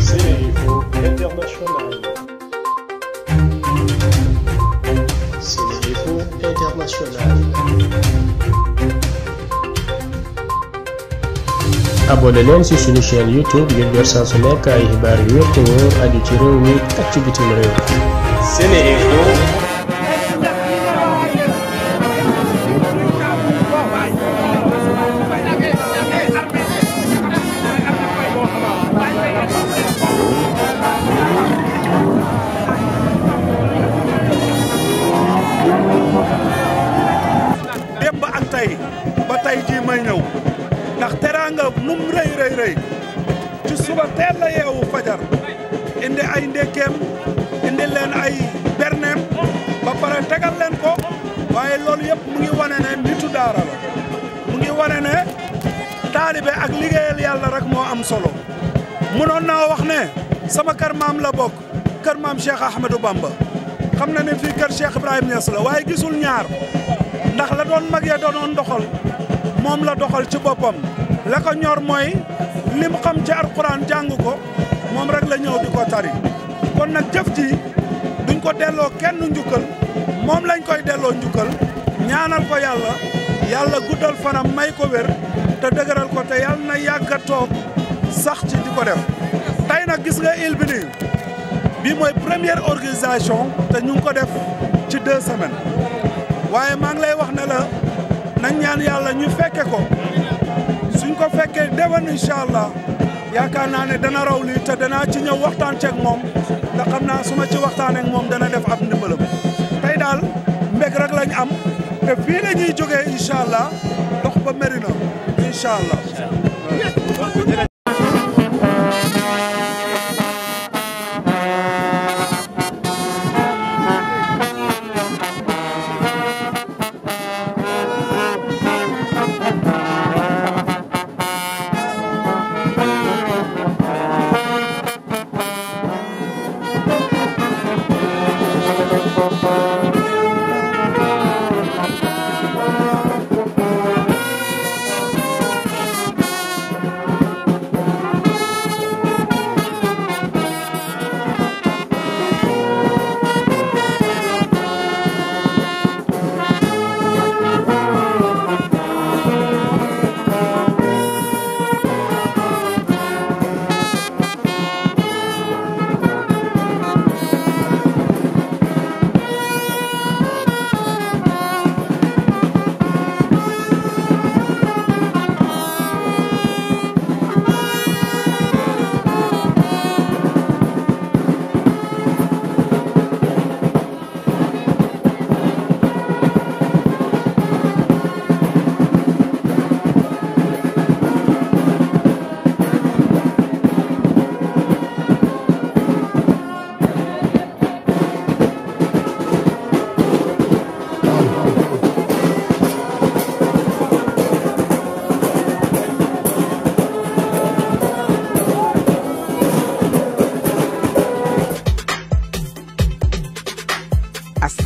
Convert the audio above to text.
C'est international. C'est l'info international. abonné leen ci suñu YouTube ngir su nekk ay xibaar yu wér te wóor aju ci mi ak ci tey ba tey jii may ñëw ndax teraanga num rëy rëy rëy ci suba teel la yeewu fajar indi ay ndekkeem indi leen ay berneem ba pare tegal leen ko waaye loolu yëpp mu ngi wane ne nitu daara la mu ngi wane ne taalibe ak liggéeyal yàlla rek moo am solo mënoon na wax ne sama kër maam la bokk kër maam Cheikh Ahmadou Bamba xam na ne fii kër Cheikh Ibrahim Niass la waaye gisul ñaar ndax la doon mag ya doonoon doxal moom la doxal ci boppam la ko ñor mooy lim xam ci alxuraan jàng ko moom rek la ñëw di ko tari kon nag jëf ji duñ ko delloo kenn njukkal moom lañ koy delloo njukkal ñaanal ko yàlla yàlla guddal fanam may ko wér te dëgëral ko te yàlla na yàgg a toog sax ci di ko def tey nag gis nga il bi nii bi mooy première organisation te ñu ngi ko def ci deux semaines waaye maa ngi lay wax ne la nañ ñaan yàlla ñu fekke ko suñ ko fekkee déwén incha allah yaakaar naa ne dana raw lii te danaa ci ñëw waxtaan ceeg moom ndax xam naa su ma ci waxtaanee moom dana def ab ndimbalam tey daal mbég rek lañ am te fii la ñuy jógee incha allah dox ba Médina incha allah.